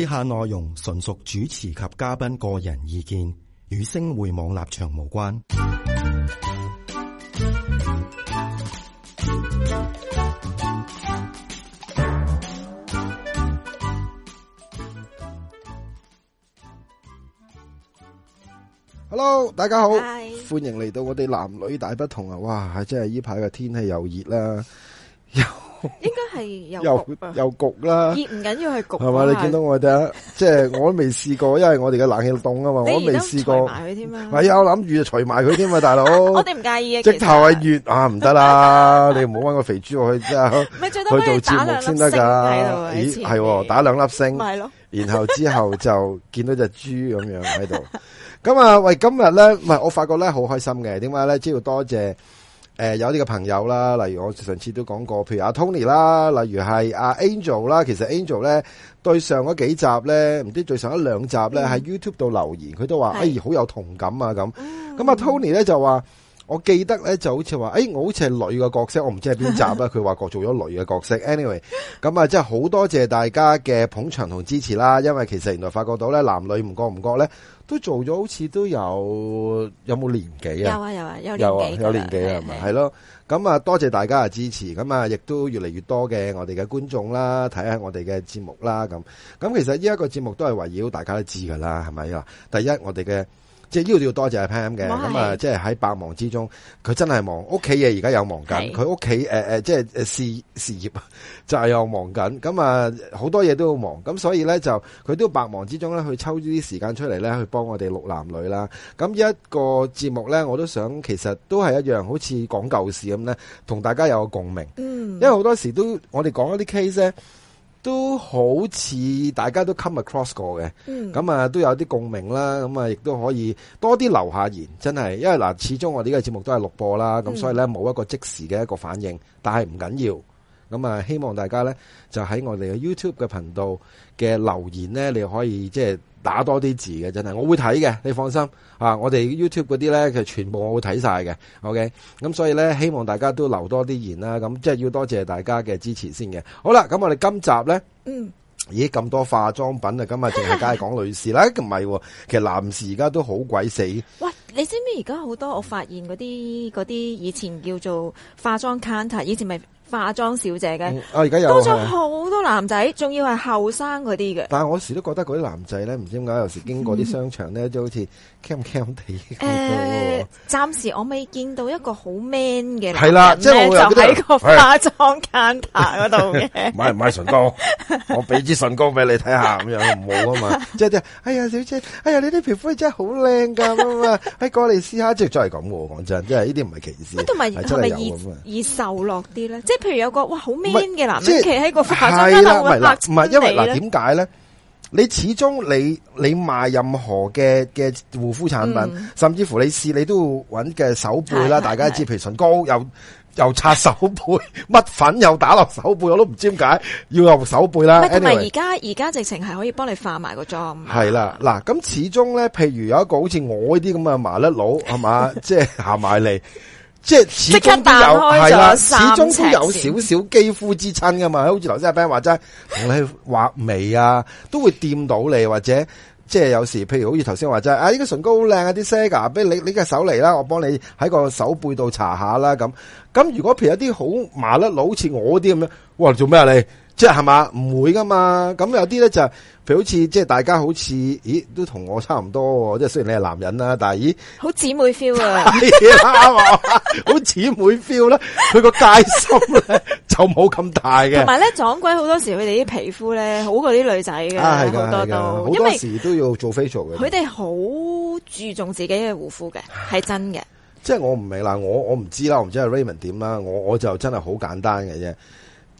以下內容純屬主持及嘉賓個人意見，與星匯網立場無關。Hello，大家好，Hi. 歡迎嚟到我哋男女大不同啊！哇，真係呢排嘅天氣又熱啦，又。 係又又焗啦！熱唔緊要係焗，係嘛？你見到我哋，即係我都未試過，因為我哋嘅冷氣凍啊嘛，我我未試過。係啊，我諗住除埋佢添啊，大佬。我哋唔介意嘅。直頭係熱啊，唔得啦！你唔好搵個肥豬去，真係去做節目先得噶。咦，係打兩粒星，然後之後就見到隻豬咁樣喺度。咁啊，喂今日咧，唔係我發覺咧，好開心嘅。點解咧？只要多謝。誒、呃、有呢個朋友啦，例如我上次都講過，譬如阿、啊、Tony 啦，例如係阿、啊、Angel 啦，其實 Angel 咧對上嗰幾集咧，唔知對上一兩集咧喺、嗯、YouTube 度留言，佢都話：哎，好有同感啊咁。咁阿、嗯啊、Tony 咧就話。我記得咧就好似話，誒、欸、我好似係女嘅角色，我唔知係邊集啦。佢話佢做咗女嘅角色。Anyway，咁啊，真係好多謝大家嘅捧場同支持啦。因為其實原來發覺到咧，男女唔覺唔覺咧，都做咗好似都有有冇年紀啊？有啊有啊有年有，有年紀啊，係咪？係咯。咁啊，多謝大家嘅支持。咁啊，亦都越嚟越多嘅我哋嘅觀眾啦，睇下我哋嘅節目啦。咁咁其實呢一個節目都係圍繞大家都知㗎啦，係咪啊？第一，我哋嘅。即係要要多謝阿 Pam 嘅，咁啊，即係喺百忙之中，佢真係忙屋企嘢，而家又忙緊，佢屋企誒誒，即係誒事事業就係又忙緊，咁啊，好多嘢都要忙，咁所以咧就佢都要百忙之中咧，去抽啲時間出嚟咧，去幫我哋錄男女啦。咁一個節目咧，我都想其實都係一樣，好似講舊事咁咧，同大家有個共鳴。嗯、mm.，因為好多時都我哋講一啲 case 咧。都好似大家都 come across 過嘅，咁、嗯、啊都有啲共鳴啦，咁啊亦都可以多啲留下言，真係，因為嗱始終我哋呢個節目都係錄播啦，咁、嗯、所以咧冇一個即時嘅一個反應，但係唔緊要，咁啊希望大家咧就喺我哋嘅 YouTube 嘅頻道嘅留言咧，你可以即係。就是打多啲字嘅真係，我會睇嘅，你放心啊。我哋 YouTube 嗰啲咧，其實全部我會睇曬嘅。OK，咁所以咧，希望大家都留多啲言啦。咁即係要多謝大家嘅支持先嘅。好啦，咁我哋今集咧，嗯，咦咁多化妝品啊，今日淨係梗係講女士啦，唔係喎，啊，其實男士而家都好鬼死。喂，你知唔知而家好多？我發現嗰啲嗰啲以前叫做化妝 counter，以前咪。化妝小姐嘅，而家有多咗好多男仔，仲要係後生嗰啲嘅。但係我有時都覺得嗰啲男仔咧，唔知點解有時經過啲商場咧，都好似 cam cam 地咁多。暫時我未見到一個好 man 嘅，係啦，即係我又喺個化妝間台嗰度嘅，買買唇膏，我俾支唇膏俾你睇下，咁樣好唔好啊？嘛，即係，哎呀，小姐，哎呀，你啲皮膚真係好靚噶，咁啊，喺過嚟試下，即係再係咁喎。講真，即係呢啲唔係歧視，同埋係咪易易瘦落啲咧？即係。譬如有個哇好 man 嘅男，出企喺個化妝間唔係！白磚嚟咧。點解咧？你始終你你賣任何嘅嘅護膚產品、嗯，甚至乎你試你都要搵嘅手背啦。大家知，譬如唇膏又又擦手背，蜜 粉又打落手背，我都唔知點解要用手背啦。唔係，anyway, 而家而家直情係可以幫你化埋個妝。係啦，嗱、啊、咁、啊、始終咧，譬如有一個好似我呢啲咁嘅麻甩佬係嘛，即係行埋嚟。就是 即係始終都有，即刻爆開，始終都有少少肌膚之親噶嘛。好似頭先阿 Ben 話齋，同你畫眉啊，都會掂到你，或者即係有時，譬如好似頭先話齋，啊呢個唇膏好靚啊，啲 Sega，俾你你嘅手嚟啦，我幫你喺個手背度搽下啦，咁咁如果譬如一啲好麻甩佬，好似我啲咁樣，哇，做咩啊你？即係係嘛，唔會噶嘛。咁有啲咧就是，譬如好似即係大家好似，咦都同我差唔多。即係雖然你係男人啦，但係咦，好姊妹 feel, 姊妹 feel 好啊，好姊妹 feel 啦。佢個戒心咧就冇咁大嘅。同埋咧，撞鬼好多時，佢哋啲皮膚咧好過啲女仔嘅，好多都。好多時都要做 facial 嘅。佢哋好注重自己嘅護膚嘅，係真嘅。即係我唔明啦，我我唔知啦，我唔知係 Raymond 點啦。我我，我就真係好簡單嘅啫。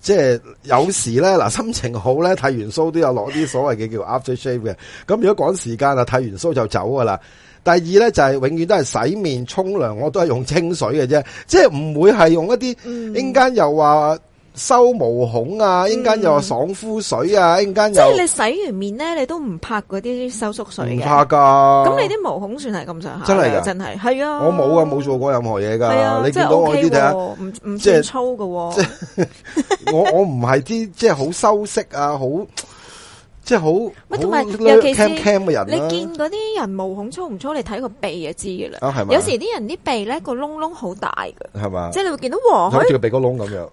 即係有時咧，嗱心情好咧，剃完鬚都有攞啲所謂嘅叫 after shave 嘅。咁如果趕時間啦，剃完鬚就走㗎喇。第二咧就係、係、永遠都係洗面沖涼，我都係用清水嘅啫，即係唔會係用一啲應間又話。嗯收毛孔啊，一陣間又話爽膚水啊，一陣、嗯、間又即係你洗完面咧，你都唔拍嗰啲收縮水嘅？唔拍噶。咁你啲毛孔算係咁上下？真係噶，真係，係啊。我冇啊，冇做過任何嘢噶。係啊。你見到、OK、我啲睇下，唔唔算粗噶、啊。我我唔係啲即係好修飾啊，好。 即係好，同埋尤其是人、啊。你見嗰啲人毛孔粗唔粗？粗，你睇個鼻就知噶啦。係、啊、嘛，有時啲人啲鼻咧個窿窿好大。係嘛，即係你會見到喎，好似個鼻哥窿咁樣。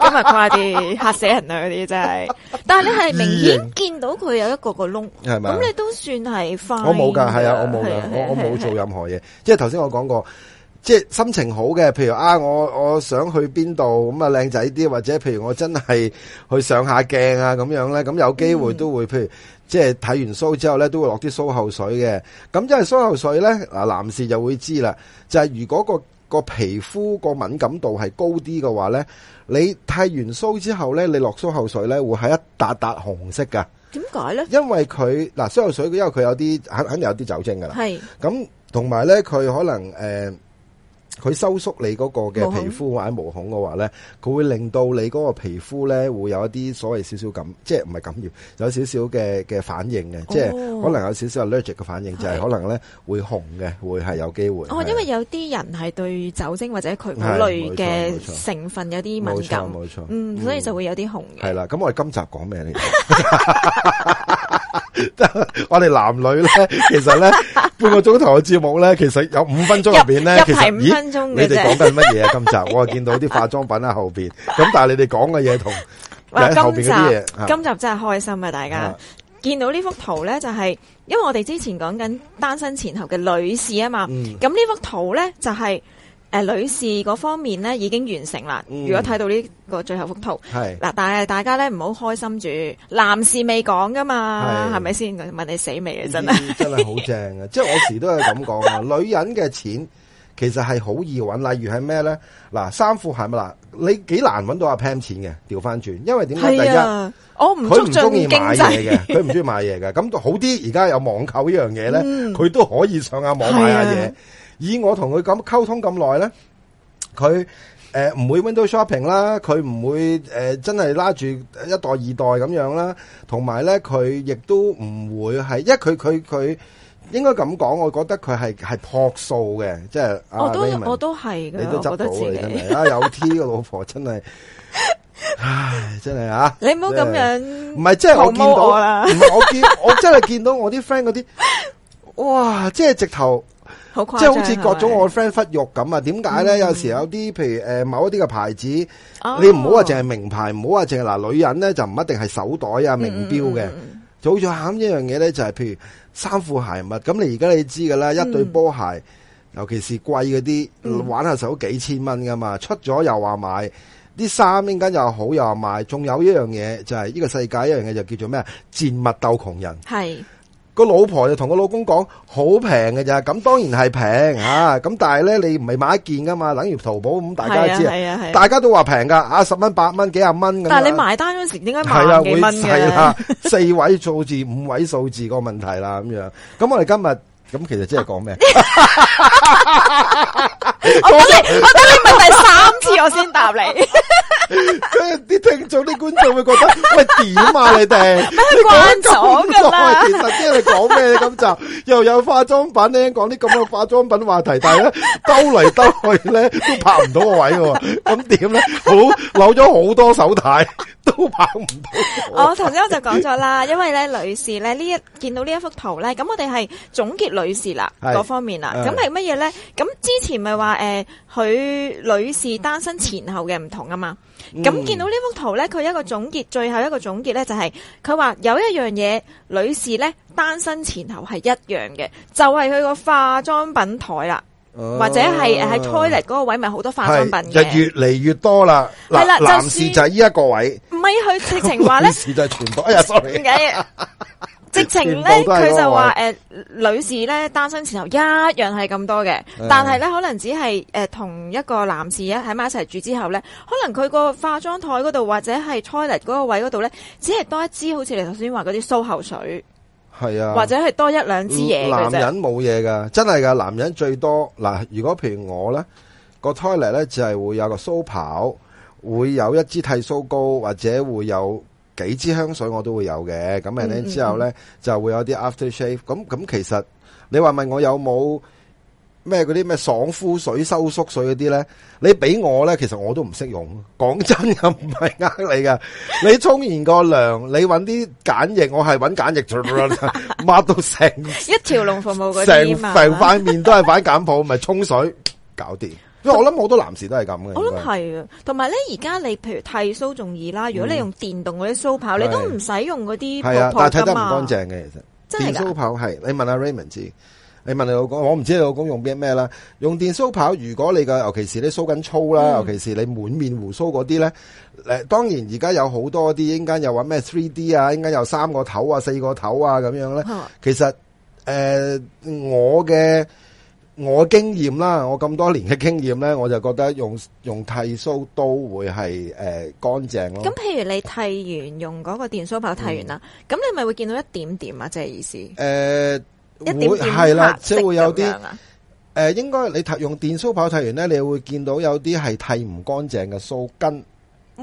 咁日快啲，吓死人啊！嗰啲真係。但係你係明顯見到佢有一個個窿，係嘛？咁你都算係花。我冇噶，係啊，我冇噶、啊，我我冇做任何嘢。即係頭先我講過。即係心情好嘅，譬如啊，我我想去邊度咁啊，靚仔啲，或者譬如我真係去上下鏡啊，咁樣咧，咁有機會都會，嗯、譬如即係睇完鬚之後咧，都會落啲鬚後水嘅。咁因為鬚後水咧，嗱男士就會知啦，就係、是、如果、那個個皮膚個敏感度係高啲嘅話咧，你剃完鬚之後咧，你落鬚後水咧，會係一笪笪紅色噶。點解咧？因為佢嗱鬚後水，因為佢有啲肯肯定有啲酒精噶啦。係。咁同埋咧，佢可能誒。呃佢收縮你嗰個嘅皮膚或者毛孔嘅話咧，佢會令到你嗰個皮膚咧會有一啲所謂少少感，即係唔係感染，有少少嘅嘅反應嘅，oh。即係可能有少少 allergic 嘅反應，okay。就係可能咧會紅嘅，會係有機會。哦、oh，因為有啲人係對酒精或者礦物類嘅成分有啲敏感，冇錯，錯，錯，錯，錯嗯，所以就會有啲紅嘅。係啦，咁我哋今集講咩呢？ 我哋男女咧，其實咧 半個鐘頭嘅節目咧，其實有五分鐘入邊咧，係五分鐘嘅。咦，你哋講緊乜嘢啊？今集我見到啲化妝品喺後邊，咁但係你哋講嘅嘢同後面嗰啲嘢，今集真係開心啊！大家 見到呢幅圖咧、就是，就係因為我哋之前講緊單身前後嘅女士啊嘛，咁、嗯、呢幅圖咧就係、是。誒、呃，女士嗰方面咧已經完成啦、嗯。如果睇到呢個最後幅圖，嗱，但係大家咧唔好開心住，男士未講噶嘛，係咪先？是問你死未、欸、啊？真係真係好正啊！即係我時都係咁講啊。女人嘅錢其實係好易揾，例如係咩咧？嗱，衫褲係咪啦？你幾難揾到阿 Pam 錢嘅？調翻轉，因為點解、啊？第一我唔唔中意買嘢嘅，佢唔中意買嘢嘅。咁 好啲，而家有網購呢樣嘢咧，佢、嗯、都可以上下網下、啊、買下嘢。以我同佢咁溝通咁耐咧，佢誒唔會 window shopping 啦，佢唔會誒真係拉住一代二代咁樣啦，同埋咧佢亦都唔會係，因為佢佢佢應該咁講，我覺得佢係係樸素嘅，即係。我都我都係你都執到得自己你啊！有 T 嘅老婆 真係，唉，真係啊！你唔好咁樣、呃，唔係即係我見到，唔係，我見我真係見到我啲 friend 嗰啲，哇！即係直頭。好即係好似各種我 friend 忽肉咁啊？點解咧？有時候有啲譬如誒、呃、某一啲嘅牌子，哦、你唔好話淨係名牌，唔好話淨係嗱女人咧就唔一定係手袋啊名錶嘅。嗯、就好似慘一樣嘢咧就係、是，譬如衫褲鞋襪。咁你而家你知噶啦，一對波鞋、嗯，尤其是貴嗰啲，玩下手幾千蚊噶嘛。出咗又話買，啲衫依家又好又話賣。仲有一樣嘢就係、是，呢個世界一樣嘢就叫做咩？賤物鬥窮人。係。個老婆就同個老公講，好平嘅咋，咁當然係平吓，咁但係咧你唔係買一件噶嘛，等於淘寶咁，大家就知啊，啊啊大家都話平噶，啊十蚊八蚊幾十蚊咁，但係你埋單嗰時應該萬幾蚊嘅，四、啊啊啊、位數字五位數字個問題啦咁樣，咁我哋今日咁其實即係講咩？ 我等你，我等你問第三次我先答你。咁 啲聽眾、啲觀眾會覺得喂，點啊？你哋關咗嘅啦。 其實啲人講咩咁，就又有化妝品咧，講啲咁嘅化妝品話題，但係咧兜嚟兜去咧都拍唔到個位嘅，咁點咧？好扭咗好多手帶都拍唔到。我頭先我就講咗啦，因為咧女士咧呢一見到呢一幅圖咧，咁我哋係總結女士啦，各方面啦，咁係乜嘢咧？咁之前咪話誒，佢、呃、女士單身前後嘅唔同啊嘛。咁、嗯、見到呢幅圖咧，佢一個總結，最後一個總結咧就係佢話有一樣嘢，女士咧單身前後係一樣嘅，就係佢個化妝品台啦、哦，或者係喺 toilet 嗰個位，咪好多化妝品嘅，就越嚟越多啦。係啦、就是，男士就係呢一個位，唔係佢直情話咧， 男士就係全部 sorry 直情咧，佢就話誒、呃，女士咧單身前後一樣係咁多嘅，但係咧可能只係誒同一個男士一喺埋一齊住之後咧，可能佢個化妝台嗰度或者係 toilet 嗰個位嗰度咧，只係多一支好似你頭先話嗰啲蘇口水，係啊，或者係多一兩支嘢。男人冇嘢噶，真係噶，男人最多嗱。如果譬如我咧個 toilet 咧就係會有個蘇跑，會有一支剃鬚膏或者會有。幾支香水我都會有嘅，咁咧之後咧就會有啲 after shave。咁咁其實你話問我有冇咩嗰啲咩爽膚水、收縮水嗰啲咧？你俾我咧，其實我都唔識用。講真又唔係呃你㗎。你沖完個涼， 你搵啲鹼液，我係搵鹼液抹 到成整 一條龍服務成塊面都係擺鹼泡，咪 沖水搞掂。因為我諗好多男士都係咁嘅，我諗係啊，同埋咧，而家你譬如剃鬚仲易啦，如果你用電動嗰啲鬚刨，嗯、你都唔使用嗰啲，係啊，但係剃得唔乾淨嘅其實刨，真係嘅鬚刨係，你問下 Raymond 知，你問你老公，我唔知你老公用邊咩啦，用電鬚刨，如果你嘅，尤其是你鬚緊粗啦，嗯、尤其是你滿面鬍鬚嗰啲咧，誒，當然而家有好多啲，依家又話咩 three D 啊，依家有三個頭啊，四個頭啊咁樣咧，其實誒、呃，我嘅。我經驗啦，我咁多年嘅經驗咧，我就覺得用用剃鬚刀會係、呃、乾淨咯、啊嗯。咁譬如你剃完用嗰個電鬚刨剃完啦、啊，咁你咪會見到一點點啊，即、就、係、是、意思？誒、呃，一點點黑色咁樣啊？誒、呃，應該你用電鬚刨剃完咧，你會見到有啲係剃唔乾淨嘅鬚根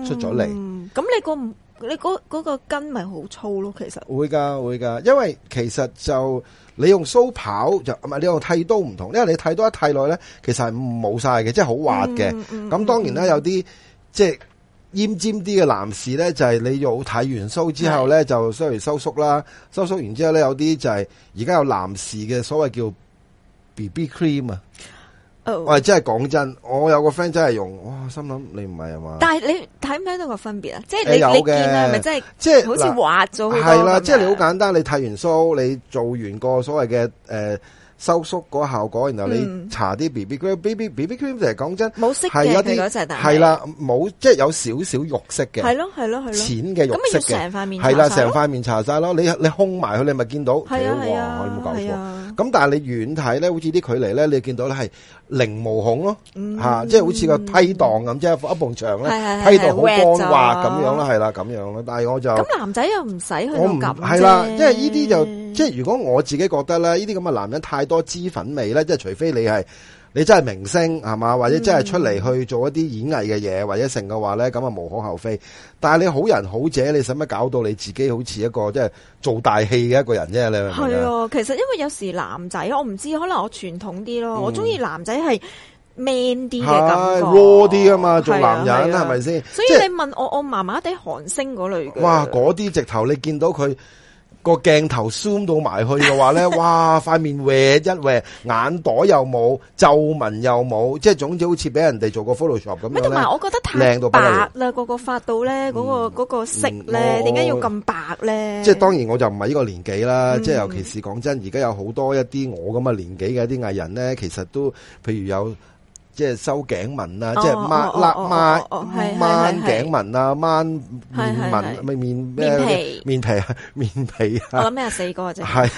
出咗嚟、嗯。咁你、那個唔？你嗰、那個、那個根咪好粗咯，其實會噶會噶，因為其實就你用鬚刨就唔係你用剃刀唔同，因為你剃刀一剃落咧，其實係冇晒嘅，即係好滑嘅。咁、嗯嗯、當然啦、嗯，有啲即係奄尖啲嘅男士咧，就係、是、你用睇完鬚之後咧，就稍微收縮啦、嗯，收縮完之後咧，有啲就係而家有男士嘅所謂叫 B B cream 啊。喂、oh，真係講真，我有個 friend 真係用，哇、哦，心諗你唔係啊嘛。但係你睇唔睇到個分別啊？即係你、呃、有你見啊，咪真係即係好似滑咗。係啦，那個、即係你好簡單，你剃完鬚，你做完個所謂嘅誒收縮嗰個效果，然後你搽啲 B B cream，B B B B cream 就係講真冇色嘅一啲，係啦，冇即係有少少肉色嘅。係咯，係咯，係咯。淺嘅肉色咁要成塊面搽晒。係啦，成塊面搽晒咯。你你空埋佢，你咪見到。係啊，係冇係啊？咁但係你遠睇咧，好似啲距離咧，你見到咧係零毛孔咯，吓、嗯啊，即係好似個梯檔咁、嗯，即係一埲牆咧，梯檔好光滑咁樣啦，係啦，咁樣啦。但係我就咁男仔又唔使去我唔，係啦，即係呢啲就即係如果我自己覺得咧，呢啲咁嘅男人太多脂粉味咧，即係除非你係。你真係明星係嘛，或者真係出嚟去做一啲演藝嘅嘢，或者成嘅話咧，咁啊無可厚非。但係你好人好者，你使乜搞到你自己好似一個即係做大戲嘅一個人啫？你係啊，其實因為有時男仔，我唔知可能我傳統啲咯，我中意男仔係 man 啲嘅感覺，raw 啲啊嘛，做男人係咪先？所以你問我，我麻麻地韓星嗰類嘅，哇，嗰啲直頭你見到佢。個鏡頭 zoom 到埋去嘅話咧，哇！塊面歪一歪， 眼袋又冇，皺紋又冇，即係總之好似俾人哋做過 Photoshop 咁。咪同埋，我覺得太白啦，白嗯、個個髮到咧，嗰、嗰個個色咧，點、嗯、解要咁白咧？即係當然，我就唔係呢個年紀啦，即係尤其是講真，而家有好多一啲我咁嘅年紀嘅一啲藝人咧，其實都，譬如有。即係收頸紋啦，即係掹、掹、掹頸紋啦，掹面紋咪面咩面皮？面皮啊，面皮啊！我諗咩四哥啫，係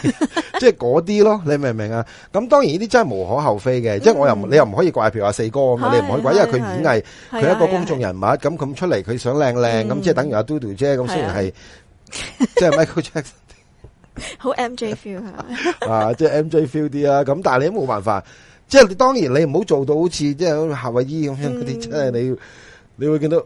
即係嗰啲咯，你明唔明啊？咁當然呢啲真係無可厚非嘅，即係我又你又唔可以怪譬如話四哥，你唔可以怪，因為佢演藝佢一個公眾人物，咁咁出嚟佢想靚靚，咁即係等於阿嘟嘟姐，咁雖然係即係 Michael Jackson 好 MJ feel 係嘛？啊，即係 MJ feel 啲啦，咁但係你都冇辦法。即係你當然你唔好做到好似即係夏威夷咁樣嗰啲、嗯、真係你你會見到，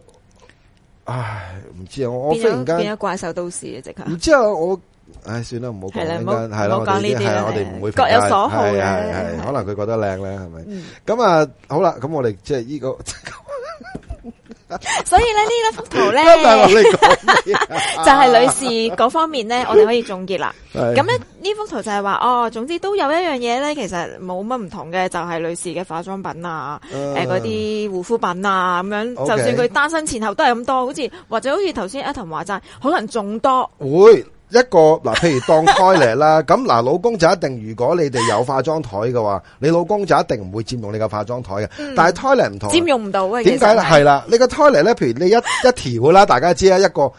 唉唔知啊，我忽然間變怪獸都市啊，即然之後我唉，算啦，唔好講呢啲係咯，我哋唔會，各有所好，係係，可能佢覺得靚咧，係咪咁啊？好啦，咁我哋即係呢個。 所以咧呢一幅圖咧， 就係女士嗰方面咧， 我哋可以總結啦。咁 咧那呢 幅圖就係話，哦，總之都有一樣嘢咧，其實冇乜唔同嘅，就係、是、女士嘅化妝品啊，誒嗰啲護膚品啊，咁樣，okay. 就算佢單身前後都係咁多，好似或者好似頭先阿騰話齋，可能仲多會。一個嗱，譬如當 toilet 啦，咁 嗱，老公就一定如果你哋有化妝台嘅話，你老公就一定唔會佔用你個化妝台嘅，嗯。但係 toilet 唔同，佔用唔到嘅。點解咧？係啦，你個 toilet 呢，咧，譬如你一一條啦， 大家知呀，一個。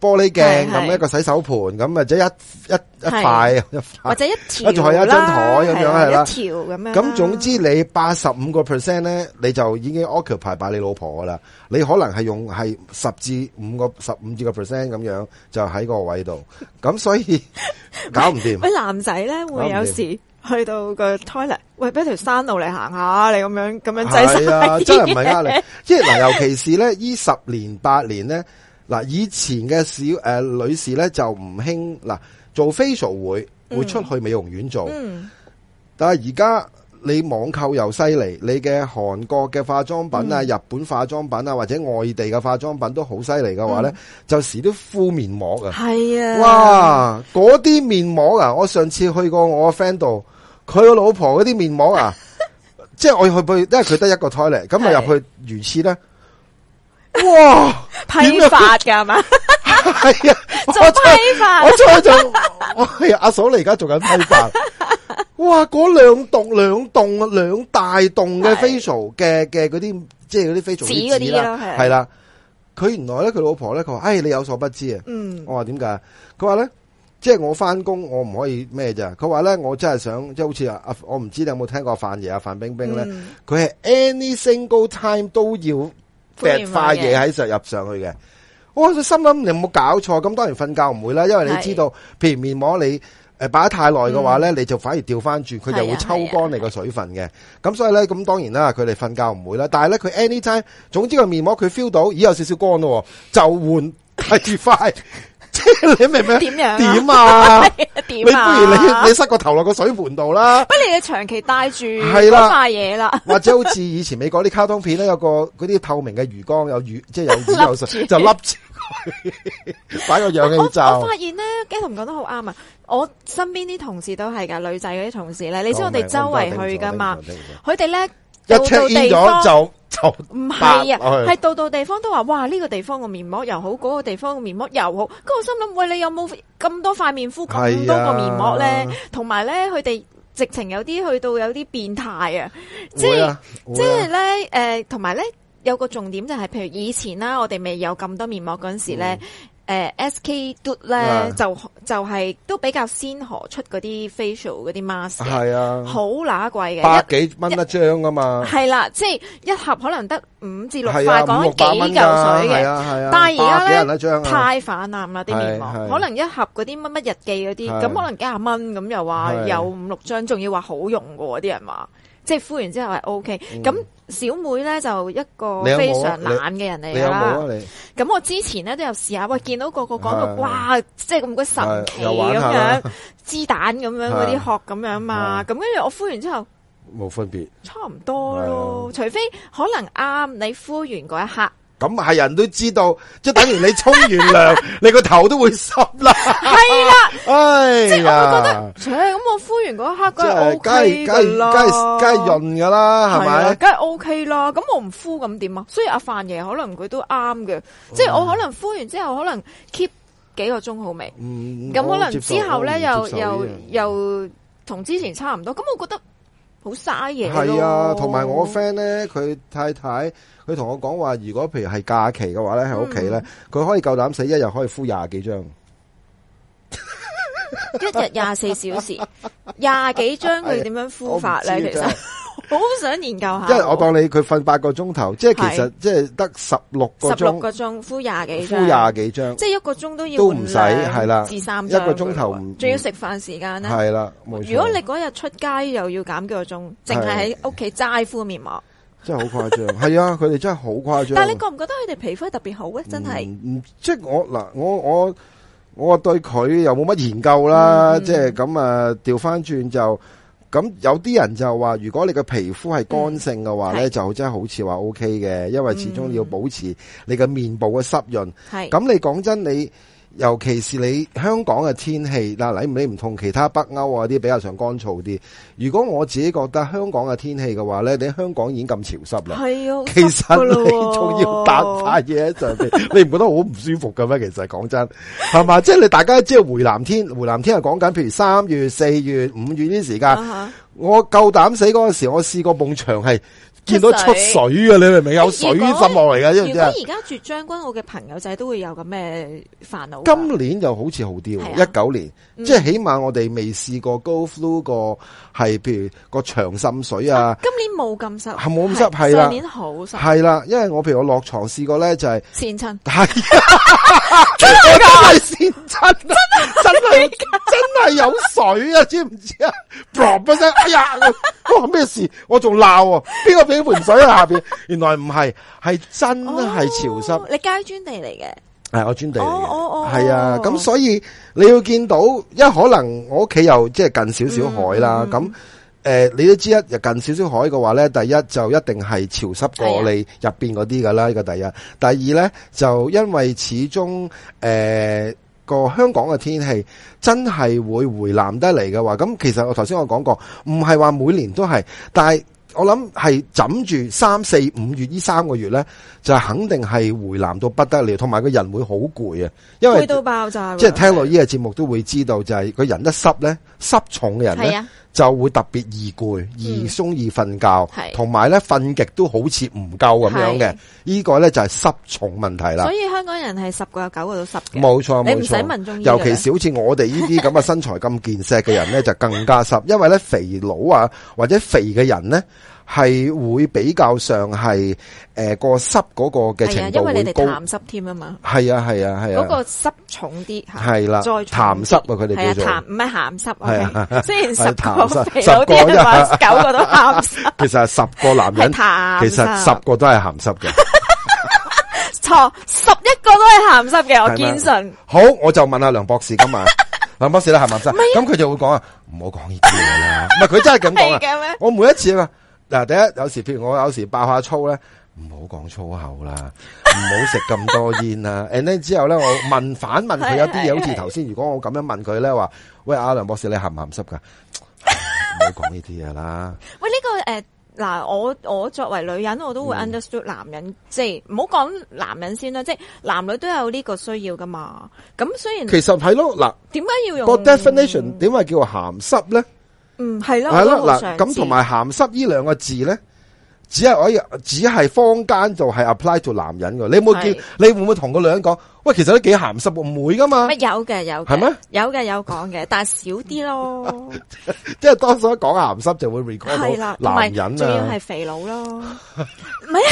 玻璃鏡，咁一個洗手盤，咁或者一一一塊，或者一條啦，或者一張台咁樣係啦，一條咁樣。咁總之你八十五個 percent 咧，你就已經 occupy 擺你老婆噶啦。你可能係用係十至五個十五至個 percent 咁樣就喺個位度。咁所以 搞唔掂。喂，男仔咧會有時去到個 toilet，喂俾條山路嚟，行下，你咁樣咁樣去真係唔係壓你。即係嗱，尤其是咧，依十年八年咧。嗱，以前嘅小誒、呃、女士咧就唔興嗱，做 facial 會、嗯、會出去美容院做。嗯、但係而家你網購又犀利，你嘅韓國嘅化妝品啊、嗯、日本化妝品啊或者外地嘅化妝品都好犀利嘅話咧、嗯，就時都敷面膜嘅、啊。係啊，哇！嗰啲、啊、面膜啊，我上次去過我個 friend 度，佢個老婆嗰啲面膜啊， 即係我去唔去？因為佢得一個胎嚟，咁咪入去如廁咧？哇！ 批發噶係嘛？係 對 啊，做批發，我做做，我係阿嫂，你而家做緊批發。哇，嗰兩棟兩棟啊，兩大棟嘅 facial 嘅嘅嗰啲，即係嗰啲 facial 紙嗰啲咯，係係啦。佢原來咧，佢老婆咧，佢話：，哎，你有所不知啊。嗯，我話點解？佢話咧，即係我翻工，我唔可以咩啫。佢話咧，我真係想，即係好似啊，阿我唔知你有冇聽過范爺啊，范冰冰咧，佢、嗯、係 any single time 都要。掟塊嘢喺上入上去嘅，我心諗你有冇搞錯？咁當然瞓覺唔會啦，因為你知道，譬如面膜你誒擺得太耐嘅話咧、嗯，你就反而掉翻轉，佢就會抽乾你個水分嘅。咁、啊啊、所以咧，咁當然啦，佢哋瞓覺唔會啦。但係咧，佢 anytime，總之個面膜佢 feel 到咦，有少少乾咯，就換 activate 你明唔明？點樣？點啊？點 樣啊？你 不如你，你塞個頭落個水盆度啦！不你你長期戴住，係啦，塊嘢啦，或者好似以前美國啲卡通片咧，有個嗰啲透明嘅魚缸，有魚，即係有魚有水，就笠住，擺個氧氣罩我。我發現咧，Gordon 講得好啱啊！我身邊啲同事都係噶，女仔嗰啲同事咧，你知我哋周圍去噶嘛？佢哋咧。一 cheap 咗就就唔係啊，係到到地方都話，哇呢、這個地方個面膜又好，嗰、那個地方個面膜又好。咁我心諗，喂你有冇咁多塊面敷咁多個面膜咧？同埋咧，佢哋直情有啲去到有啲變態啊！啊即係即係咧，誒、呃，同埋咧有個重點就係、是，譬如以前啦，我哋未有咁多面膜嗰陣時咧。嗯呃、SK do 咧、啊、就就係、是、都比較先河出嗰啲 facial 嗰啲 mask，係啊，好乸貴嘅，百幾蚊一張㗎嘛，係啦，即係、啊、一盒可能得五至六塊，講緊、啊、幾嚿水嘅，係啊係啊，但係而家咧太反濫泛濫啦啲面膜、啊，可能一盒嗰啲乜乜日記嗰啲，咁、啊、可能幾十蚊咁，又話、啊、有五六張，仲要話好用喎、啊，啲人話，即係敷完之後係 OK 咁、嗯。小妹咧就一個非常懶嘅人嚟㗎啦。咁我之前咧都有試下，喂見到個個講到哇，即係咁鬼神奇咁樣，雞蛋咁樣嗰啲殼咁樣嘛。咁跟住我敷完之後，冇分別，差唔多咯。除非可能啱你敷完嗰一刻。咁係人都知道，即係等於你沖完涼， 你個頭都會濕啦。係啦，哎呀，即係我覺得，切咁我敷完嗰一刻梗係 O K 噶啦，梗梗係潤噶啦，係咪？梗係 O K 啦。咁、OK、我唔敷咁點啊？所以阿范爺可能佢都啱嘅、嗯，即係我可能敷完之後可能 keep 幾個鐘好未？咁、嗯、可能之後咧又又又同之前差唔多。咁我覺得。好嘥嘢，係啊，同埋我 friend 咧，佢太太佢同我講話，如果譬如係假期嘅話咧，喺屋企咧，佢、嗯、可以夠膽死，一日可以敷廿幾張。 一日廿四小時，廿幾張佢點樣敷法咧？哎。其實好想研究一下、就是。因為，我講你，佢瞓八個鐘頭，即係其實即係得十六個鐘，十六個鐘敷廿幾張，敷廿幾張，即係一個鐘都要都唔使係啦，至三一個鐘頭唔，仲要食飯時間呢。係啦。如果你嗰日出街又要減幾個鐘，淨係喺屋企齋敷面膜，的真係好誇張。係 啊，佢哋真係好誇張。但係你覺唔覺得佢哋皮膚係特別好咧？真係、嗯，即係我嗱，我我。我對佢又冇乜研究啦，即係咁啊，調翻轉就咁、是，就有啲人就話，如果你個皮膚係乾性嘅話呢、嗯，就真係好似話 OK 嘅，因為始終要保持你嘅面部嘅濕潤。咁、嗯，你講真你。尤其是你香港嘅天氣嗱，你唔唔同其他北歐啊啲比較上乾燥啲。如果我自己覺得香港嘅天氣嘅話咧，你香港已經咁潮濕啦，係啊，其實你仲要打晒嘢喺上面 你唔覺得好唔舒服嘅咩？其實講真係嘛，是 即係你大家知道回南天，回南天係講緊，譬如三月、四月、五月呢啲時間、uh -huh.，我夠膽死嗰陣時，我試過蹦牆係。見到出水啊！你明唔明有水滲落嚟噶？如果而家住將軍澳嘅朋友仔都會有咁嘅煩惱。今年就好似好啲，一九、啊、年、嗯、即係起碼我哋未試過 go through 個係，譬如個長滲水啊，啊。今年冇咁濕，係冇咁濕，係啦。上、啊啊、年好濕，係啦、啊。因為我譬如我落床試過咧、就是，就係前親，係、哎、 真係前親，真親、這個、真真係有水啊！ 知唔知啊？嘣一聲，哎呀，我咩事？我仲鬧啊！邊個俾？盆水喺下邊，原來唔係，係真係潮濕。你街磚地嚟嘅，係我磚地嚟嘅。哦哦哦，係啊，咁所以你要見到，一可能我屋企又即係近少少海啦。咁、嗯、誒、呃，你都知一又近少少海嘅話呢，第一就一定係潮濕過你入邊嗰啲㗎啦。呢個第一，第二呢，就因為始終誒個香港嘅天氣真係會回南得嚟嘅話，咁其實我頭先我講過，唔係話每年都係，但係。我諗係枕住三四五月呢三個月咧，就肯定係回南到不得了，同埋個人會好攰啊，因為攰到爆炸。即、就、係、是、聽落呢個節目都會知道，就係個人一濕咧，濕重嘅人咧就會特別易攰、易鬆、易瞓覺，同埋咧瞓極都好似唔夠咁樣嘅。個呢個咧就係、是、濕重問題啦。所以香港人係十個有九個都濕。冇錯、啊，冇錯，尤其是好似我哋呢啲咁嘅身材咁健碩嘅人咧， 就更加濕，因為咧肥佬啊或者肥嘅人咧。係會比較上係誒、呃、個濕嗰個嘅程度，因為你哋鹹濕添啊嘛，係啊係啊係啊，嗰、啊啊啊嗰個濕重啲吓，係啦、啊，再鹹濕啊，佢哋叫做鹹唔係鹹濕啊，雖然個濕十個有啲都話九個都鹹濕，其實十個男人濕其實十個都係鹹濕嘅，錯，十一個都係鹹濕嘅，我堅信。好，我就問阿梁博士㗎嘛。梁 博士啦，鹹濕，咁佢、啊、就會講啊，唔好講呢啲嘢啦，唔係佢真係咁講我每一次啊。嗱，第一有時，譬如我有時爆下粗咧，唔好講粗口啦，唔好食咁多煙啦。 And then 之後咧，我問反問佢有啲嘢 好似頭先，如果我咁樣問佢咧話，喂，阿梁博士，你鹹唔鹹濕噶？唔好講呢啲嘢啦。喂，呢、呢個誒嗱、呃，我我作為女人，我都會 understood 男人，嗯、即係唔好講男人先啦。即係男女都有呢個需要噶嘛。咁雖然其實係咯，嗱，點解要用、個、definition？點解叫鹹濕咧？嗯，係啦，嗱咁同埋鹹濕呢兩個字咧，只係我只係坊間就係 apply To 男人嘅。你有冇見？你會唔會同個女人講？喂，其實都幾鹹濕，唔會噶嘛。有嘅有係咩？有嘅有講嘅，但係少啲咯。即係當一講鹹濕就會 recall 到男人啊，仲要係肥佬咯。唔係啊，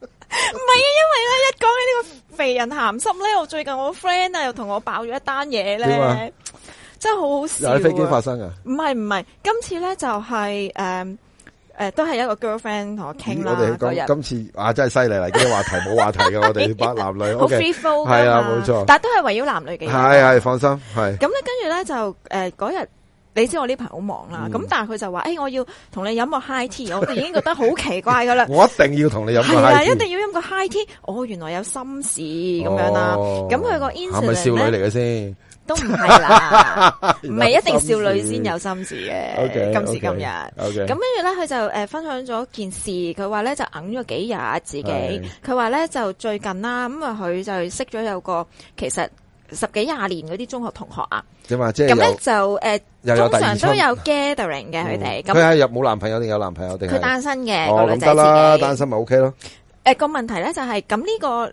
唔係啊，因為咧一講起呢個肥人鹹濕咧，我最近我 friend 啊又同我爆咗一單嘢咧。真係好好笑喎！有喺飛機發生啊？唔係唔係，今次咧就係誒誒，都係一個 girlfriend 同我傾啦。今日今次，今次 okay，啊，真係犀利啦！呢個話題冇話題嘅，我哋八男女好 freeform 係啊，冇錯。但係都係圍繞男女嘅。係係，放心係。咁咧，跟住咧就誒，嗰、呃、日你知道我呢排好忙啦。咁、嗯、但係佢就話：誒、欸，我要同你飲個 high tea。 我哋已經覺得好奇怪噶啦。我一定要同你飲個 high tea。係啊，一定要飲個 high tea，哦。我原來有心事咁，哦，樣啦。咁佢個 insider 係咪少女嚟嘅先？都唔係啦，唔係一定少女先有心事嘅。今時今日，咁跟住咧，佢就誒分享咗件事。佢話咧就揞咗幾日自己。佢話咧就最近啦，咁啊佢就識咗有個其實十幾廿年嗰啲中學同學啊。即係嘛，即係咁咧就誒，又有第二春，通常都有 gathering 嘅佢哋。佢係入冇男朋友定有男朋友定？佢單身嘅。哦，得啦，單身咪 OK 咯。誒，個問題咧就係咁呢個。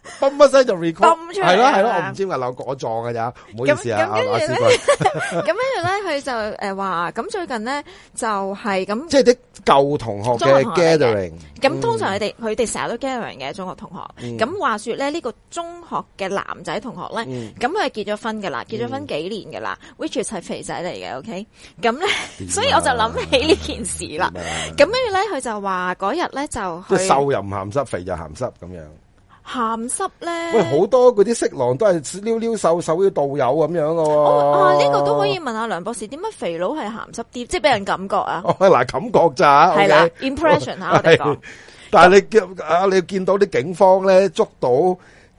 乜西就 record 係咯，係咯，我唔知話樓果撞㗎咋，唔好意思啊。咁跟住咧，咁跟住咧，佢、啊、 就誒話，咁最近咧就係、是、咁，即係啲舊同學嘅 gathering 學學。咁、嗯、通常佢哋佢哋成日都 gathering 嘅中學同學。咁、嗯、話說咧，呢、呢個中學嘅男仔同學咧，咁佢係結咗婚㗎啦、嗯，結咗婚幾年㗎啦、嗯、，which 係肥仔嚟嘅。OK，咁咧、啊，所以我就諗起呢件事啦。咁跟住咧，佢就話嗰日咧就，瘦又唔鹹濕，肥又鹹濕咁樣。鹹濕咧，喂，好多嗰啲色狼都係溜溜瘦瘦啲導遊咁樣噶、啊、喎、哦。啊，呢、呢個都可以問下梁博士，色色點解肥佬係鹹濕啲，即係俾人感覺啊？哦，嗱，感覺咋？係啦、okay、，impression 吓、啊啊、我哋講。但係你見啊，你見到啲警方咧捉到，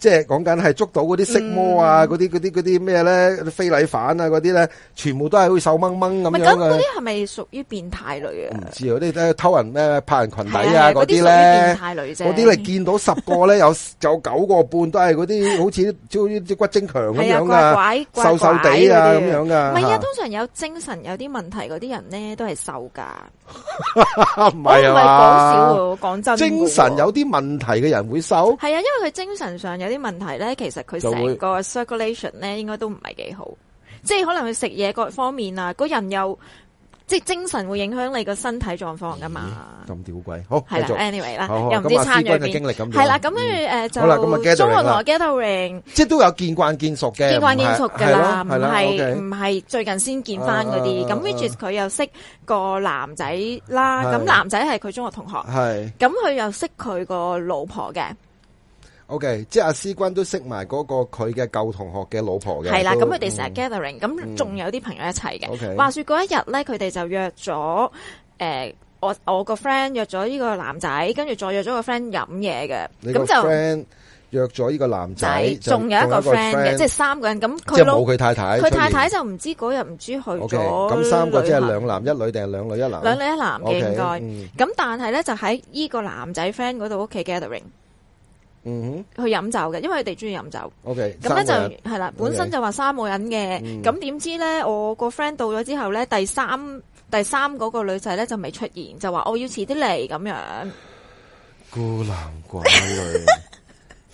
即係講緊係捉到嗰啲色魔啊，嗰啲嗰啲嗰啲咩咧，啲非禮犯啊，嗰啲咧，全部都係好似瘦掹掹咁樣嘅。唔係咁嗰啲係咪屬於變態類啊？唔知啊，啲偷人咩拍人裙底啊嗰啲咧，嗰啲你見到十個咧有有九個半都係嗰啲好似好似骨精強咁樣啊，瘦瘦地啊咁樣噶。唔係啊，通常有精神有啲問題嗰啲人咧都係瘦噶。唔係啊嘛，講笑，講真，精神有啲問題嘅人會瘦。係啊，因為佢精神上有啲問題咧，其實佢成個 circulation 咧，應該都唔係幾好，即係可能佢食嘢各方面啊，嗰人又。即係精神會影響你個身體狀況噶嘛？咁屌鬼好係啦，anyway 好好知好好是、嗯、好啦，又唔知餐入邊係啦，咁跟住誒就中學攞 gathering 即係都有見慣見熟嘅，見慣見熟噶啦，唔係唔係最近先見翻嗰啲。咁 which is 佢又識個男仔啦，咁男仔係佢中學同學，咁佢又識佢個老婆嘅。O K，即係阿思君都識埋嗰個佢嘅舊同學嘅老婆嘅。係啦，咁佢哋成日 gathering，咁仲有啲朋友一齊嘅。話說嗰一日咧，佢哋就約咗誒，我我個 friend 約咗呢個男仔，跟住再約咗個 friend 飲嘢嘅。咁就 friend 約咗呢個男仔，仲有一個 friend 嘅，即係三個人。咁即係冇佢太太，佢太太就唔知嗰日唔知去咗。咁三個即係兩男一女定係兩女一男？兩女一男嘅應該。咁但係咧就喺呢個男仔 friend 嗰度屋企 gathering。嗯哼，去飲酒嘅，因為佢哋中意飲酒。OK，咁咧就係啦，okay. 本身就話三個人嘅，咁、mm、點 -hmm. 知咧我個 friend 到咗之後咧，第三第三個女仔咧就未出現，就話我要遲啲嚟咁樣。孤男寡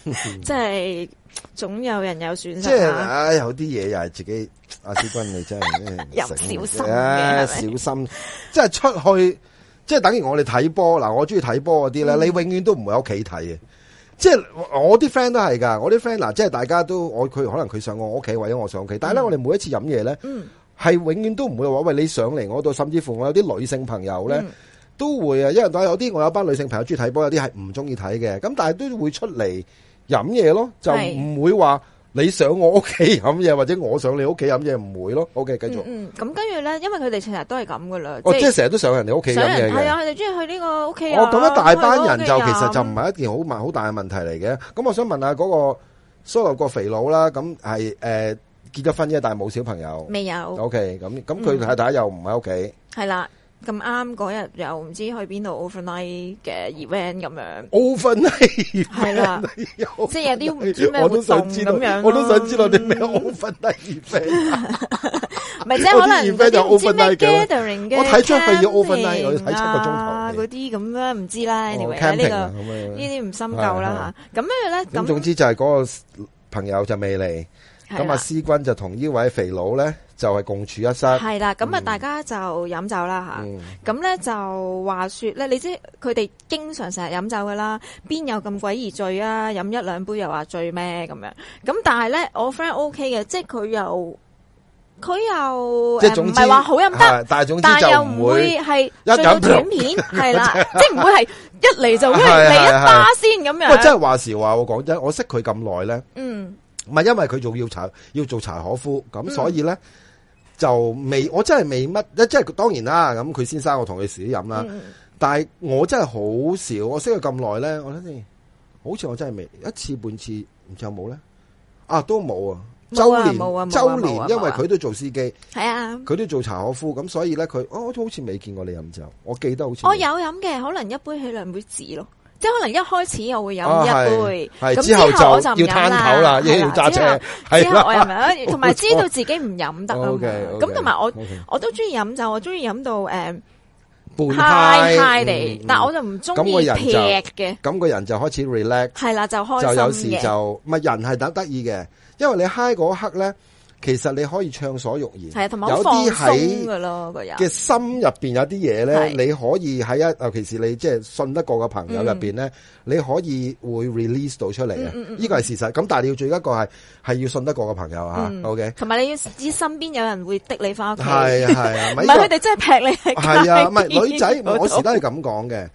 女，即 係 總有人有損失。即、就、係、是、有啲嘢又係自己阿小君你真係又 小心嘅、哎，小心。即、就、係、是、出去，即、就、係、是、等於我哋睇波嗱，我中意睇波嗰啲咧，mm -hmm. 你永遠都唔會喺屋企睇嘅。即係我啲 friend 都係噶，我啲 friend 嗱，即係大家都我佢可能佢上我屋企，或者我上屋企，但係咧我哋每一次飲嘢咧，係、嗯、永遠都唔會話喂你上嚟我度，甚至乎我有啲女性朋友咧、嗯、都會啊，因為有啲我有班女性朋友中意睇波，有啲係唔中意睇嘅，咁但係都會出嚟飲嘢咯，就唔會話。你上我屋企飲嘢，或者我上你屋企飲嘢，唔會咯。OK，繼續。嗯嗯，咁跟住咧，因為佢哋成日都係咁噶啦。哦，即係成日都上人哋屋企飲嘢。係啊，佢哋中意去呢個屋企。哦，咁一大班人就其實就唔係一件好問好大嘅問題嚟嘅。咁我想問下嗰個所有個肥佬啦，咁係誒結咗婚啫，但係冇小朋友。未有。OK，咁咁佢太太又唔喺屋企。係啦。咁啱嗰日又唔知去邊度 overnight 嘅 event 咁樣，overnight 係啦，即係有啲唔知咩活動咁樣，我都想知道啲咩 overnight。唔係即係可能唔知咩 gathering，我睇出係要 overnight，我要睇七個鐘頭嗰啲咁啦，唔知啦。Anyway，呢個呢啲唔深究啦。咁樣咧，咁總之就係嗰個朋友就未嚟，咁啊思君就同呢位肥佬咧。就係、是、共處一室，係啦，咁啊大家就飲酒啦吓，咁、嗯、咧、嗯、就話說咧，你知佢哋經常成日飲酒噶啦，邊有咁鬼易醉啊？飲一兩杯又話醉咩咁樣？咁但係咧，我 friend O K 嘅，即係佢又佢又即係唔係話好飲得，但係總之就唔會係醉到斷片，係啦，即係唔會係一嚟就嚟一巴先咁樣。的 即係話時話我講真，我，真我識佢咁耐咧，嗯，唔係因為佢仲要茶要做柴可夫，咁、嗯、所以咧。就未，我真係未乜，即係當然啦。咁佢先生我同佢自己飲啦，但係我真係好少。我識佢咁耐咧，我諗先，好似我真係未一次半次，然之後冇咧。啊，都冇啊！周、啊、年周年、啊啊，因為佢都做司機，係啊，佢、啊、都做茶可夫，咁所以咧，佢、哦、我好似未見過你飲酒。我記得好似我有飲嘅，可能一杯起兩杯止囉。咯。即係可能一開始我會飲一杯，咁之後我就唔飲啦。要攤口啦，一路揸車。係啦，同埋知道自己唔飲得啊。Okay，咁同埋我我都中意飲酒，我中意飲到誒，high high 哋。但係我就唔中意劈嘅。咁個人就開始 relax。係啦，就就有時就，唔係人係得得意嘅，因為你 high 嗰刻咧。其實你可以暢所欲言，有啲喺嘅咯，個人嘅心入邊有啲嘢咧，你可以喺一，尤其是你即係信得過嘅朋友入邊咧，你可以會 release 到出嚟啊！呢個係事實。咁、嗯、但係你要做一個係係要信得過嘅朋友吓、嗯。OK，同埋你要知道身邊有人會滴你翻屋企，係係唔係佢哋真係劈你係？啊，唔係、啊這個 啊、女仔，我時都係咁講嘅。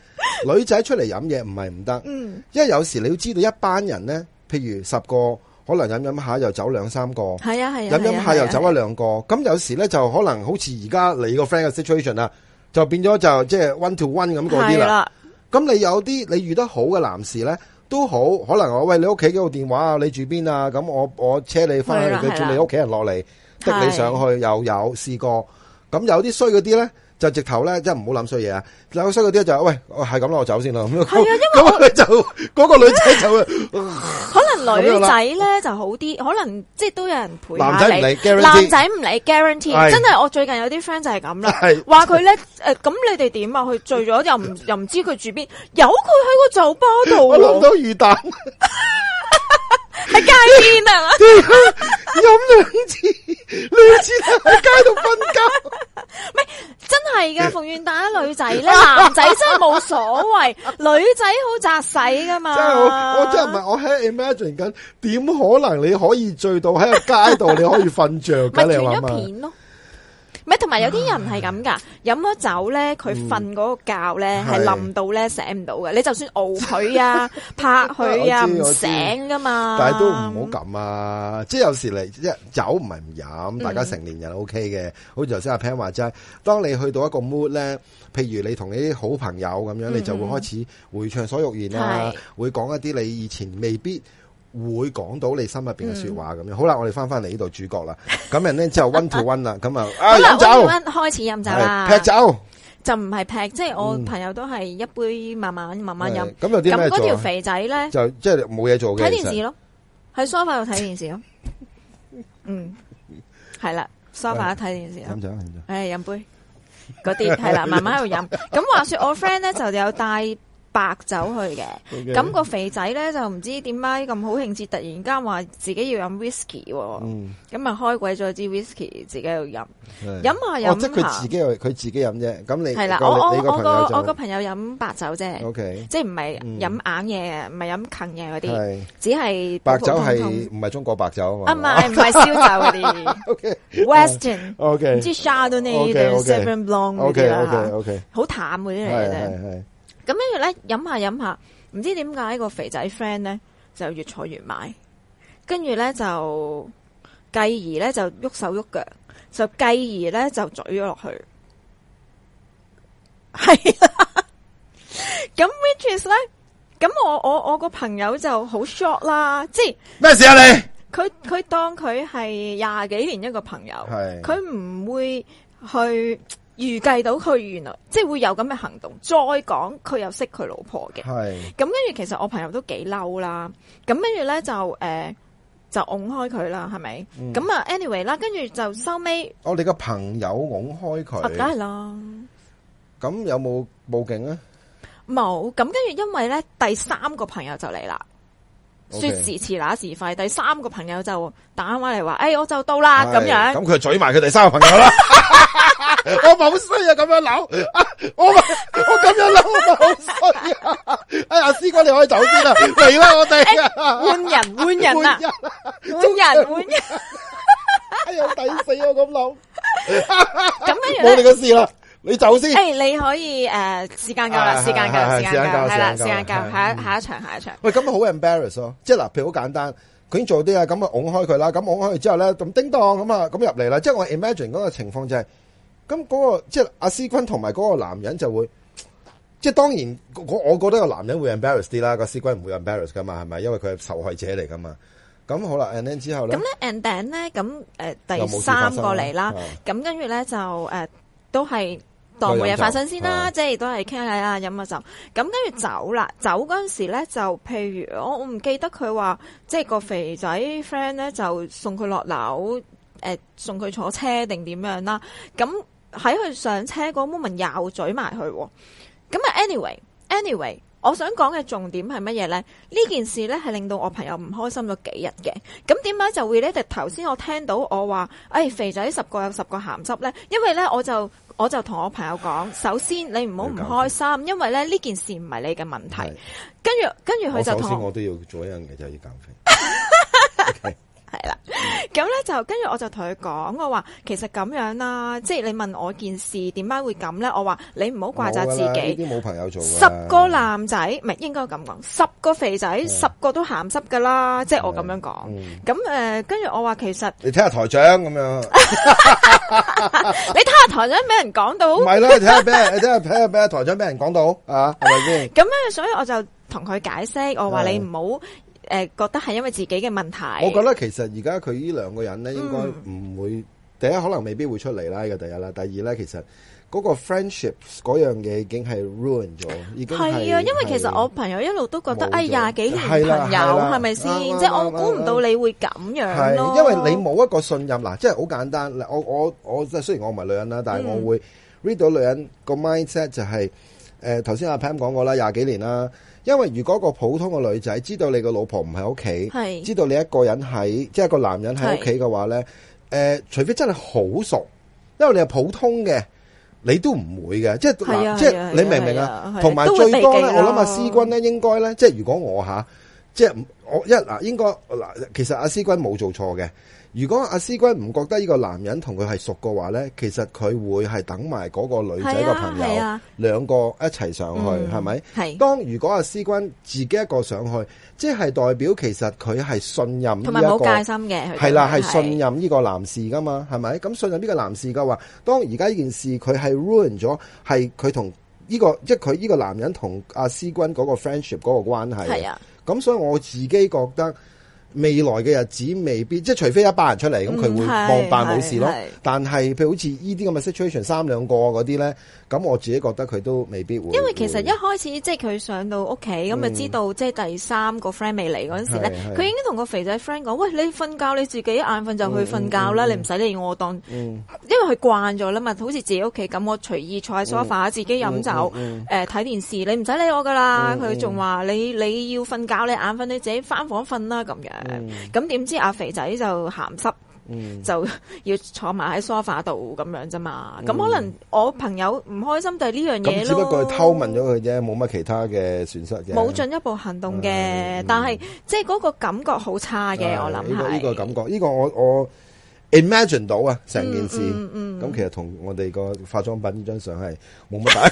女仔出嚟飲嘢唔係唔得，因為有時你要知道一班人咧，譬如十個。可能飲飲下又走兩三個，係啊係啊，飲飲、啊啊、下又走一兩個。咁、啊啊啊啊、有時咧就可能好似而家你個 friend 嘅 situation 啦，就變咗就即係 one to one 咁嗰啲啦。咁、啊、你有啲你遇得好嘅男士咧，都好可能我喂你屋企幾號電話啊？你住邊啊？咁我我車你翻去，佢住你屋企人落嚟，的你上去又有試過。咁、啊、有啲衰嗰啲咧。就直頭咧，即係唔好諗衰嘢啊！諗衰嗰啲就喂，我係咁啦，我走先咯。係啊、嗯，因為就嗰、那個女仔就可能女仔咧就好啲，可能即係都有人陪。男仔唔理，guarantee, 男仔唔理，guarantee。真係我最近有啲 friend 就係咁啦，話佢咧誒，咁、呃、你哋點啊？佢醉咗又唔又唔知佢住邊，由佢喺個酒吧度。我諗到魚蛋。 喺街邊係嘛？飲 兩次，兩次喺街度瞓覺。係 真係㗎！奉勸大家女仔咧， 男仔真係冇所謂， 女仔好扎使噶嘛。真係，我真係唔係我喺 imagine 緊，點可能你可以醉到喺個街度，你可以瞓着㗎， 你話嘛？咪同埋有啲人係咁噶，飲咗酒咧，佢瞓嗰個覺咧係冧到咧醒唔到嘅，你就算毆佢啊拍佢啊，唔醒噶嘛。但係都唔好咁啊，即係有時嚟，即係酒唔係唔飲，大家成年人 OK 嘅。好似頭先阿 Pan 話齋，當你去到一個 mood 咧，譬如你同你啲好朋友咁樣，你就會開始會暢所欲言啊，會講一啲你以前未必。會講到你心入邊嘅說話咁樣，好啦，我哋返返嚟呢度主角啦，咁人咧之後 one to one 啦，咁啊，啊飲酒開始飲酒啦，劈酒就唔係劈，即係我朋友都係一杯慢慢慢慢飲，咁又點咧？咁嗰條肥仔咧就即係冇嘢做，睇電視咯，喺梳化度睇電視咯，嗯，係啦，梳化睇電視，飲酒飲酒，誒，飲杯嗰啲係啦，慢慢喺度飲。咁話說我 friend 咧就有帶。白酒去嘅，咁、okay。個肥仔咧就唔知點解咁好興致，突然間話自己要飲 whisky，咁咪開鬼咗支 whisky 自己又飲，飲下飲，即係佢自己佢自己飲啫。咁你係啦，我我我個我個朋友飲白酒啫，okay。即係唔係飲硬嘢，唔係飲近嘢嗰啲，okay。只係白酒係唔係中國白酒啊嘛，唔係唔係燒酒嗰啲，Western，唔知 Chardonnay 呢啲 Sauvignon Blanc 嗰啲好淡嗰啲嚟嘅。 咁跟住咧，飲下飲下，唔知點解個肥仔 friend 咧，就越坐越埋，跟住咧就繼而咧就喐手喐腳，就繼而咧就嘴咗落去。係啦，咁 which is 咧，咁我我我個朋友就好 short 啦，即係咩事啊你？佢佢當佢係廿幾年一個朋友，佢唔會去。預計到佢原來即係會有咁嘅行動，再講佢又識佢老婆嘅，咁跟住其實我朋友都幾嬲啦，咁跟住咧就誒、呃、就拱開佢啦，係咪？咁、嗯、啊，anyway 啦，跟住就收尾。哦，我哋個朋友拱開佢，梗係啦。咁有冇報警咧？冇。咁跟住因為咧，第三個朋友就嚟啦。Okay, 說時遲那時快，第三個朋友就打電話嚟話，誒、哎，我就到啦咁樣。咁佢就嘴埋佢第三個朋友啦、 啊。我冇衰啊，咁樣扭，我我咁樣扭，我好衰啊！呀，阿師哥，你可以先走先啦，嚟啦我哋啊！換、啊哎、人，換人，人啊！換人，換人！人人人人人人 哎呀，抵死我咁扭、啊，咁樣 樣冇你嘅事啦。你走先、哎。你可以誒，時間夠啦，時間夠，時間夠，係啦，時間夠，下下一場，下一場。喂，咁好 embarrass 咯，即係嗱，譬如好簡單，佢已經做啲啊，咁啊，拱開佢啦，咁拱開佢之後咧，咁叮當咁啊，咁入嚟啦，即係我 imagine 嗰個情況就係、是，咁、那、嗰個即係阿思坤同埋嗰個男人就會，即係當然我覺得個男人會 embarrass 啲啦，個思坤唔會 embarrass 噶嘛，係咪？因為佢係受害者嚟噶嘛。咁好啦，end 之後咧。咁咧 end 咧，咁誒、呃、第三個嚟啦，咁跟住咧就都係。當冇嘢發生先啦，即係都係傾下啦，飲下酒，咁跟住走啦。走嗰陣時咧，就譬如我我唔記得佢話，即係個肥仔 friend 咧就送佢落樓，呃、送佢坐車定點樣啦。咁喺佢上車嗰 moment 又嘴埋佢，咁啊 anyway，anyway。我想講嘅重點係乜嘢呢？呢件事呢係令到我朋友唔開心咗幾日嘅。咁點解就會呢？頭先我聽到我話，誒、哎、肥仔十個有十個鹹濕呢。因為呢，我就我就同我朋友講，首先你唔好唔開心，因為咧呢件事唔係你嘅問題。跟住跟住佢就同我，我首先我都要做一樣嘢，就係要減肥。 okay. 係啦，咁咧就跟住我就同佢講，我話其實咁樣啦，即係你問我件事點解會咁咧？我話你唔好怪責自己。冇朋友做，十個男仔，咪應該咁講，十個肥仔，十個都鹹濕噶啦，即係我咁樣講。咁誒，跟住我話其實你睇下台長咁樣，你睇下台長俾人講到，係囉？你睇下俾人，你睇下睇下俾人台長俾人講到啊？係咪先？咁咧，所以我就同佢解釋，我話你唔好。誒，覺得係因為自己嘅問題。我覺得其實而家佢呢兩個人咧，應該唔會第一可能未必會出嚟啦。嘅第一啦，第二咧，其實嗰個 friendship 嗰樣嘢已經係 ruin 咗。已經係啊，因為其實我朋友一路都覺得，誒，廿幾年係朋友係咪先？即係我估唔到你會咁樣咯。係，因為你冇一個信任喇，即係好簡單。我我我，雖然我唔係女人啦，但係我會 read 到女人個 mindset 就係。誒、呃，頭先阿 Pam 講過啦，廿幾年啦，因為如果個普通嘅女仔知道你個老婆唔喺屋企，知道你一個人喺，即、就、係、是、個男人喺屋企嘅話呢，誒、呃，除非真係好熟，因為你係普通嘅，你都唔會嘅，即係、啊啊，即係、啊啊、你明唔明啊？同埋、啊啊、最多呢，我諗阿思君呢應該呢即係如果我吓、啊，即係我一嗱，應該嗱，其實阿、啊、思君冇做錯嘅。如果阿思君唔覺得呢個男人同佢係熟嘅話呢，其實佢會係等埋嗰個女仔個朋友，兩個一齊上去，係咪，啊？係、啊嗯。當如果阿思君自己一個上去，即係代表其實佢係信任同埋冇戒心嘅。係啦，係、啊、信任呢個男士噶嘛，係咪？咁信任呢個男士嘅話，當而家呢件事佢係 ruin 咗，係佢同呢個即係佢呢個男人同阿思君嗰個 friendship 嗰個關係嘅。係啊。咁所以我自己覺得。未來嘅日子未必，即係除非一班人出嚟，咁佢會放辦冇事咯、嗯。但係譬如好似呢啲咁嘅 situation，三兩個嗰啲咧，咁我自己覺得佢都未必會。因為其實一開始即係佢上到屋企咁啊，嗯、就知道即係第三個 friend 未嚟嗰陣時咧，佢已經同個肥仔 friend 講，喂，你瞓覺，你自己眼瞓就去瞓覺啦、嗯嗯嗯，你唔使理我。當、嗯、因為佢慣咗啦嘛，好似自己屋企咁，我隨意坐喺梳化，嗯、自己飲酒，睇、嗯嗯呃、電視，你唔使理我㗎啦。佢仲話：你你要瞓覺，你眼瞓你自己翻房瞓啦。咁樣咁、嗯、點知阿肥仔就鹹濕、嗯，就要坐埋喺梳化度咁樣啫嘛。咁、嗯、可能我朋友唔開心對呢樣嘢，只不過偷問咗佢啫，冇乜其他嘅損失嘅，冇進一步行動嘅、嗯嗯。但係即係嗰個感覺好差嘅、嗯，我諗係、啊。呢、呢個呢、呢個、感覺，呢、呢個我我。Imagine 到啊，成件事咁、嗯嗯嗯，其實同我哋個化妝品呢張相係冇乜大。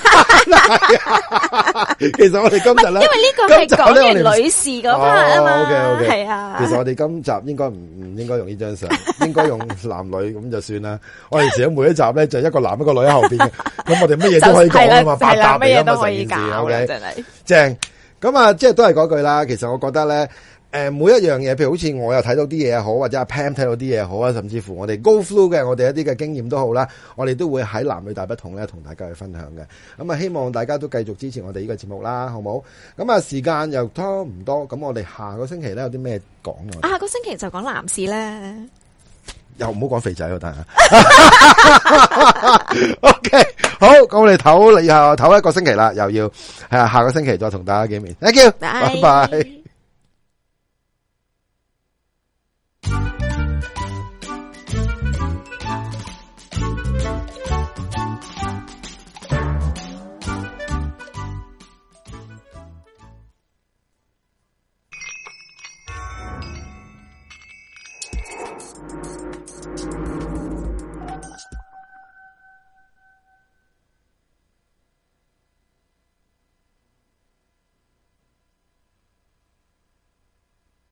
其實我哋今日咧，因為呢個係講啲女士嗰 part 啊嘛，係、哦 okay, okay，啊。其實我哋今集應該唔唔應該用呢張相， 應該用男女咁就算啦。 我哋前咗每一集咧就是、一個男一個女喺後邊，咁 我哋乜嘢都可以講啊嘛，百搭嚟啊嘛，成件事。真、okay，係，okay，正。咁啊，即係都係嗰句啦。其實我覺得咧。誒，每一樣嘢，譬如好似我又睇到啲嘢好，或者阿 Pam 睇到啲嘢好啊，甚至乎我哋 go through 嘅我哋一啲嘅經驗都好啦，我哋都會喺男女大不同咧同大家去分享嘅。咁啊，希望大家都繼續支持我哋呢個節目啦，好冇？咁啊，時間又差唔多，咁我哋下個星期咧有啲咩講？啊，下個星期就講男士咧，又唔好講肥仔，但係 ，OK，好，咁我哋唞下，唞一個星期啦，又要係下個星期再同大家見面，thank you，拜拜。